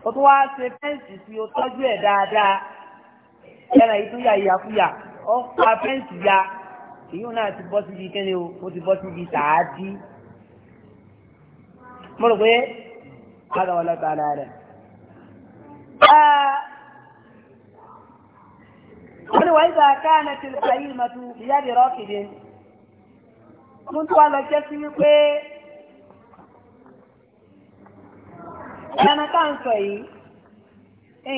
Speaker 2: o tún wá ṣe fẹ́ǹsì sí o tọ́jú ẹ̀ dáadáa ẹran yìí tún yà ìyàkúyà ọ̀ pa fẹ́ǹsì ya èyí náà ti bọ́ síbi kẹ́ni o mo ti bọ́ síbi tààdí mo rò pé kára wọn lọ́ta ara rẹ̀. wọ́n ní wàá ibà káàna ti lè fàyè ìmọ̀tò ìyáàdì rọ́ọ̀kìdì mo tún wá lọ jẹ́ sí wípé ẹran káà sọ yìí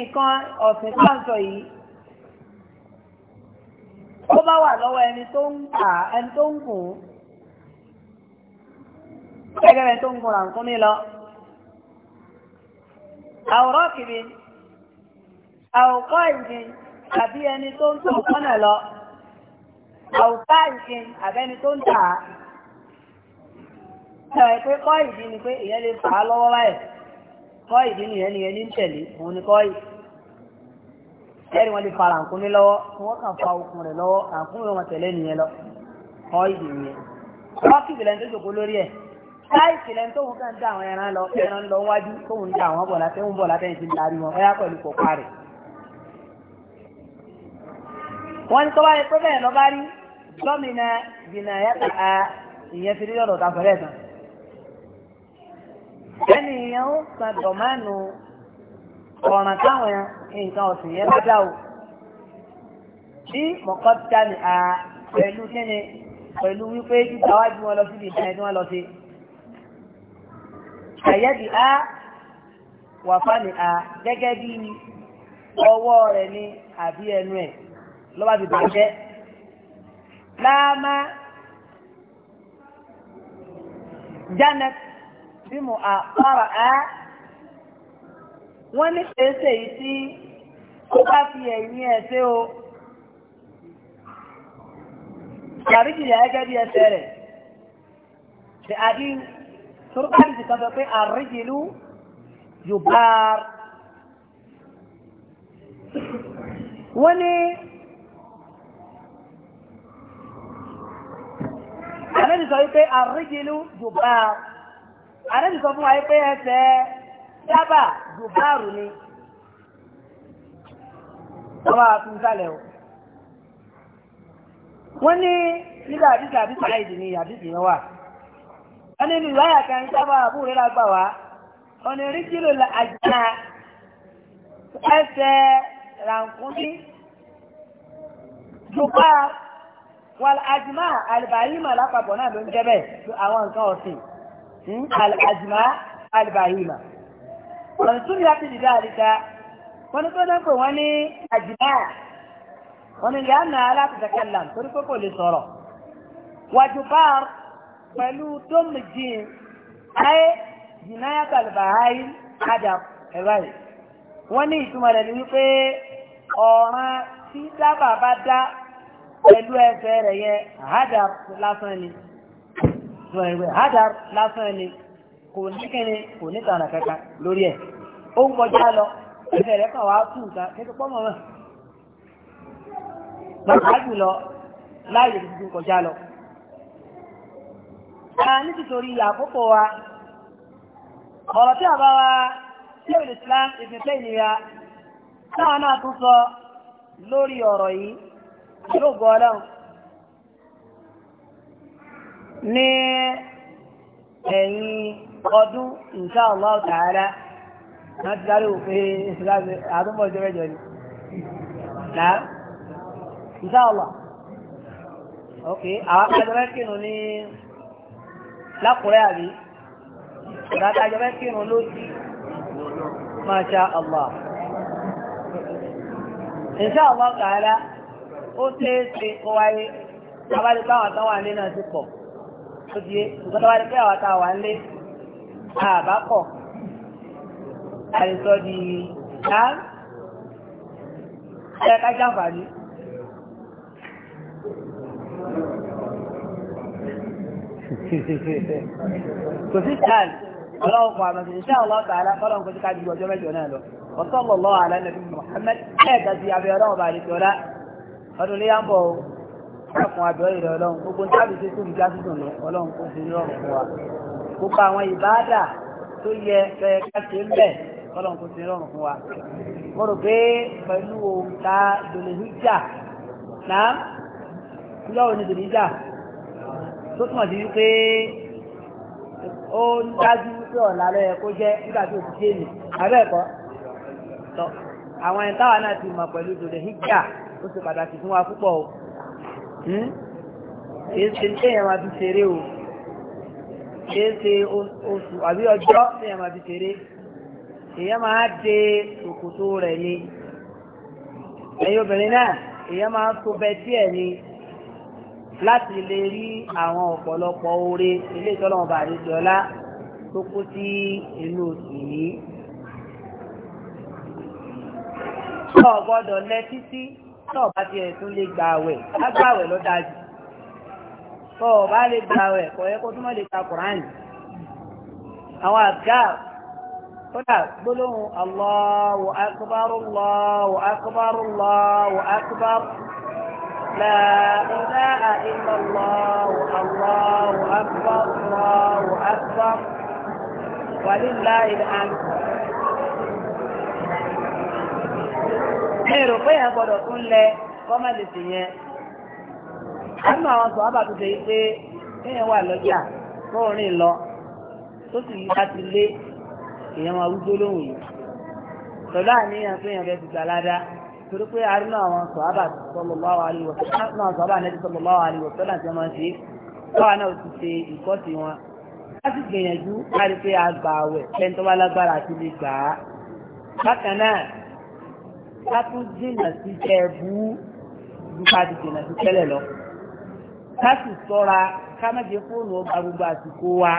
Speaker 2: nǹkan ọ̀sìn káà sọ yìí ó bá wà lọ́wọ́ ẹni tó ń kà ẹni tó ń gùn gẹ́gẹ́ tó ń gùn ràǹkún mi lọ. àwòrán kìíní àwòkọ́ ìgbìn tàbí ẹni tó ń tó kọ́nà lọ àwòká ìgbìn àbẹ́ni tó ń tà á. pé kọ́ ìdí ni pé ìyẹn lè fà á lọ́wọ́ báyìí. Kọ́ ìdí nìyẹn nìyẹn ní tẹ̀lé, òun ni kọ́ ìdí ẹ̀rí wọn lè fara àǹkúnlé lọ́wọ́ tí wọ́n kàn fa okùn rẹ̀ lọ́wọ́ àǹkúnlé wọn tẹ̀lé nìyẹn lọ ọ́ ìdì nìyẹn. wọ́n kì ìbìlẹ̀ tó jòkó lórí ẹ̀ láì ìpìlẹ̀ tóun kàn dá àwọn ẹran lọ ẹran lọ wájú tóun dá àwọn bọ̀ látẹ́ ń bọ̀ ti darí wọn ọ̀yá pẹ̀lú kọ̀ọ̀pá rẹ̀. wọ́n ní tó bá bẹ́ẹ̀ lọ rí gómìnà jìnnà ọ̀ràn táwọn nǹkan ọ̀sìn yẹn bá dá o bí mọ̀kọ́ ti dá ní a pẹ̀lú kíni pẹ̀lú wípé títà wájú wọn lọ síbi ìdáyẹ tí wọ́n lọ sí àyẹ́bí a wà fáni a gẹ́gẹ́ bí ọwọ́ rẹ̀ ní àbí ẹnu ẹ̀ lọ́wọ́ ti bàjẹ́ láàmà jánẹ́t bí mo àpárà a wọ́n ní pèsè yìí tí kó bá fi ẹ̀yìn ẹ̀ sí o àríjìyà gẹ́gẹ́ bí ẹsẹ̀ rẹ̀ ṣe àdí turkari ti sọ pé àríjìlú yubar wọ́n ní àríjìsọ wípé àríjìlú yubar àríjìsọ fún wa wípé ẹsẹ̀ jábà dùbárù ni wọ́n máa fi sálẹ̀ o. wọ́n ní nígbà àdìsí àdìsí àìdì ni àdìsí yẹn wà. wọ́n ní ìlú ayà kan sábà àbúrò rẹ̀ gbà wá. wọ́n ní rí kílò àjà ẹsẹ̀ ràǹkúndí dùbá wàlá àjùmá àlìbáyìmà lápapọ̀ náà ló ń jẹ́ bẹ́ẹ̀ àwọn nǹkan ọ̀sìn hmm? àjùmá àlìbáyìmà ọ̀tún láti dìde àríta wọ́n ní tó dẹ́ pé wọ́n ní àjìmá wọ́n ní yàrá náà alátìsẹ́kẹ́lá torí pé kò lè sọ̀rọ̀ wàjúbà pẹ̀lú tómìjìn ayé jìnnáyà kàlùbáháì kájà ẹ̀rọ yìí wọ́n ní ìtumọ̀ rẹ̀ ni wípé ọ̀ràn tí dábà bá dá pẹ̀lú ẹsẹ̀ rẹ̀ yẹn hádà lásán ni kò ní kíni kò ní tànà kankan lórí ẹ̀ ó ń kọjá lọ ẹsẹ̀ rẹ̀ kàn wá tù nǹkan kékeré pọ́ mọ́mọ́ pàtàkì jùlọ láì tuntun kọjá lọ. a ní tìtorí àkókò wa ọ̀rọ̀ tí a bá wa tí ò lè Islam ìpínlẹ̀ ìnira táwọn náà tún sọ lórí ọ̀rọ̀ yìí yóò gbọ́ ọlọ́run ní ẹ̀yìn ọdún insha Allah ta'ala na ti dárí òfin ìsìláàmù àdúgbò ìjọba ìjọ ni náà insha Allah ok àwọn akájọba kírun ní lákùrẹ́ àbí ọ̀dà akájọba ló sí masha Allah insha Allah ta'ala ó tẹ́ẹ̀sì kó abájúkọ́ àwọn àtàwọn àlẹ́ náà ó di é ṣùgbọ́n àbápọ̀ àìsọ di náà ẹ̀ka jàǹfààní.
Speaker 1: kò sí tààlì
Speaker 2: ọlọ́run kò àmọ̀ sí ṣáà ọlọ́run tààlà ọlọ́run kò sí ká ju ọjọ́ mẹ́jọ náà lọ وصلى الله على نبينا محمد هذا في ابي راه بعد ولا قالوا لي امبو حكم ابي راه لهم وكنت ابي سيتم جاسوس لهم ولهم كنت يروحوا gbogbo àwọn ìbáàdà tó yẹ fẹ́ káṣe ń bẹ̀ kọ́lọ̀ kò sí rọrùn fún wa. mo rò pé pẹ̀lú òǹkà dòlèhíjà náà lọ́wọ́ ni dòlèhíjà tó túmọ̀ sí wípé ó ń dájú wípé ọ̀la lọ́yẹ kó jẹ́ nígbà tí òkú jẹ́ mi tọ́ àwọn ẹni náà ti mọ̀ pẹ̀lú dòlèhíjà ó ṣe pàtàkì fún wa púpọ̀ o hmm? kì í ṣe ní kéèyàn máa fi ṣeré o kìí ṣe oṣù àbí ọjọ́ tí ẹ̀ máa fi ṣeré èèyàn máa de ṣòkòtò rẹ̀ ni ẹ̀yin obìnrin náà èèyàn máa tó bẹ díẹ̀ ni láti lè rí àwọn ọ̀pọ̀lọpọ̀ oore ilé ìtọ́lọ́wọ́n bàdé jọlá tó kó sí inú oṣù yìí. Tọ́ gbọ́dọ̀ lẹ títí tọ́ bá tiẹ̀ tún lè gbààwẹ̀ lágbààwẹ̀ lọ́dájú. tọ́ ọ bá lè gbà wẹ̀ kọ̀ ẹ́ kó tún mọ́ lè ta kùránì àwọn àgbà kódà gbólóhùn Allahu akbar Allahu akbar Allahu akbar la ilaha illa Allahu Allahu akbar Allahu akbar walillahil hamd èrò pé àgbọ̀dọ̀ tún lẹ kọ́mẹ́lì sí yẹn àánú àwọn sọ̀hábà tó ṣe yí pé kéèyàn wà lọ́jà kọ́ọ̀rin lọ tó sì yí bá ti lé èèyàn máa wúgbó lóhùn yìí pẹ̀lú àníyàn pé èèyàn fẹ́ ti gbà ládá torí pé àánú àwọn sọ̀hábà sallallahu alaihi wa sallam àánú àwọn sọ̀hábà nẹ́bí sallallahu alaihi wa sallam láti ọmọ ṣe báwa náà ti ṣe ìkọ́sí wọn láti gbìyànjú láti pé a gbà àwẹ̀ lẹ́ni tó bá lágbára àti lè gbà á bákan náà ká tún jìnnà sí jẹ́ bú bí ká ti jìnnà sí tẹ́lẹ̀ lọ. kasi sọra sọ́ra fóònù ọba gbogbo àsìkò wa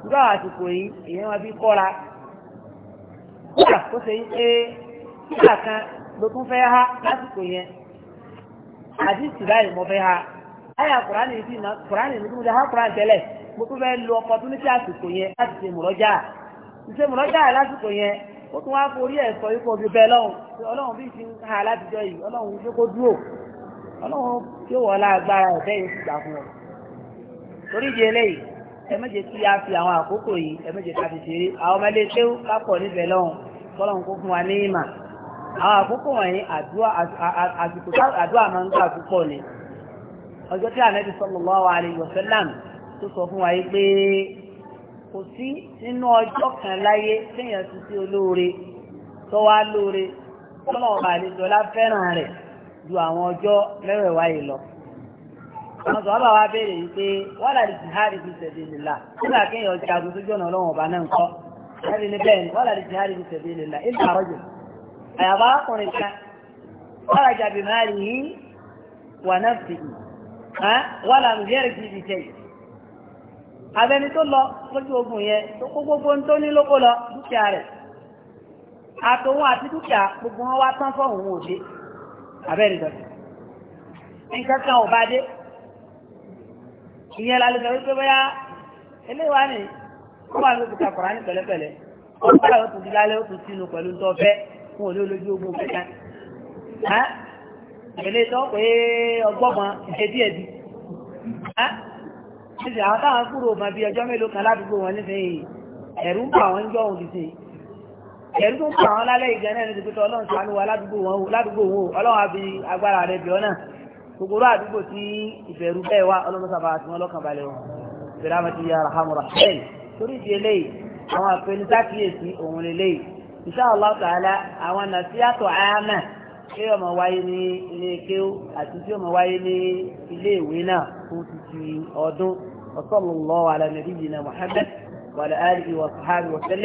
Speaker 2: gbogbo àsìkò yìí èyí wọn fi kọ́ra kódà kó ṣe yí pé kíkà kan ló tún fẹ́ ha lásìkò yẹn àdìsí báyìí mo fẹ́ há àyà kùránì yìí sì kùránì yìí mo ti kùránì tẹ́lẹ̀ mo tún fẹ́ lo opportunity àsìkò yẹn láti ṣe ha látijọ́ ọlọ́run tí ó wọ lágbára ẹ̀fẹ́ yìí ti gbà fún ọ. torí di eléyìí ẹ méje tí a fi àwọn àkókò yìí ẹ méje ká fi ṣeré àwọn ọmọ ilé tẹ́wọ́ kápọ̀ níbẹ̀ lọ́hùn kọ́lọ́hún kó fún wa ní ìmà. àwọn àkókò wọ̀nyí àdúrà máa ń gbà púpọ̀ ni. ọjọ́ tí ànábì sallallahu alaihi wasallam tó sọ fún wa yìí pé kò sí nínú ọjọ́ kan láyé téèyàn ti sí olóore tó wá lóore kọ́lọ́hún bá àlejò lá rẹ̀ ju àwọn ọjọ́ mẹ́wẹ̀ẹ̀wá yìí lọ. àwọn sọ̀rọ̀ bá wa béèrè yìí pé wọ́n làdí jihadi fi sabilillah nígbà kéèyàn ọjà àdúgbò náà lọ́wọ́n ọba náà ń kọ́ láti ní bẹ́ẹ̀ ni wọ́n làdí jihadi fi sabilillah ilé àrọ́jù àyàbá ọkùnrin kan wọ́n làjà bí máa rí yìí wà náà fi yìí wọ́n làmù yẹ́rì fi ìdíje yìí. abẹni tó lọ lójú ogun yẹn tó gbogbo ń tó ní lọ dúkìá rẹ̀ àtòun àti dúkìá gbogbo wọn wá tán fọ́ọ̀hún abẹ́rẹ́ dọ̀tí nǹkan kan ò bá dé ìyẹn lálẹ́ sọ wípé bóyá eléwàá ni kó wà ní òkúta kọ̀ọ̀rọ̀ ní pẹ̀lẹ́pẹ̀lẹ́ ọ̀pá yóò tún di lálẹ́ ó tún sínú pẹ̀lú tó fẹ́ fún òní olójú ogun kankan ìpele tó pé ọgbọ́gbọ́n ẹdíẹ̀dí nítorí àwọn táwọn kúrò mọ̀ bí ọjọ́ mélòó kan ládùúgbò wọn nísìnyí ẹ̀rù ń bà wọ́n ń jọ òun ẹ̀rí tó ń pa àwọn lálẹ́ ìgbẹ́ náà ní ti pété ọlọ́run ṣàánú wa ládùúgbò wọn ọlọ́run àbí agbára rẹ̀ bíọ́ náà gbogbo àdúgbò tí ìbẹ̀rù bẹ́ẹ̀ wá ọlọ́run sábà tí wọ́n lọ́kàn balẹ̀ wọn ìbẹ̀rù àmọ́tí ya rahamu rahman torí ti eléyìí àwọn àpẹẹrẹ sákìyèsí òun lélẹ́yìí insha Allah ta'ala àwọn nàṣíyàtọ̀ àmà kí ọmọ wáyé ní ilé kéw àti tí ọmọ wáyé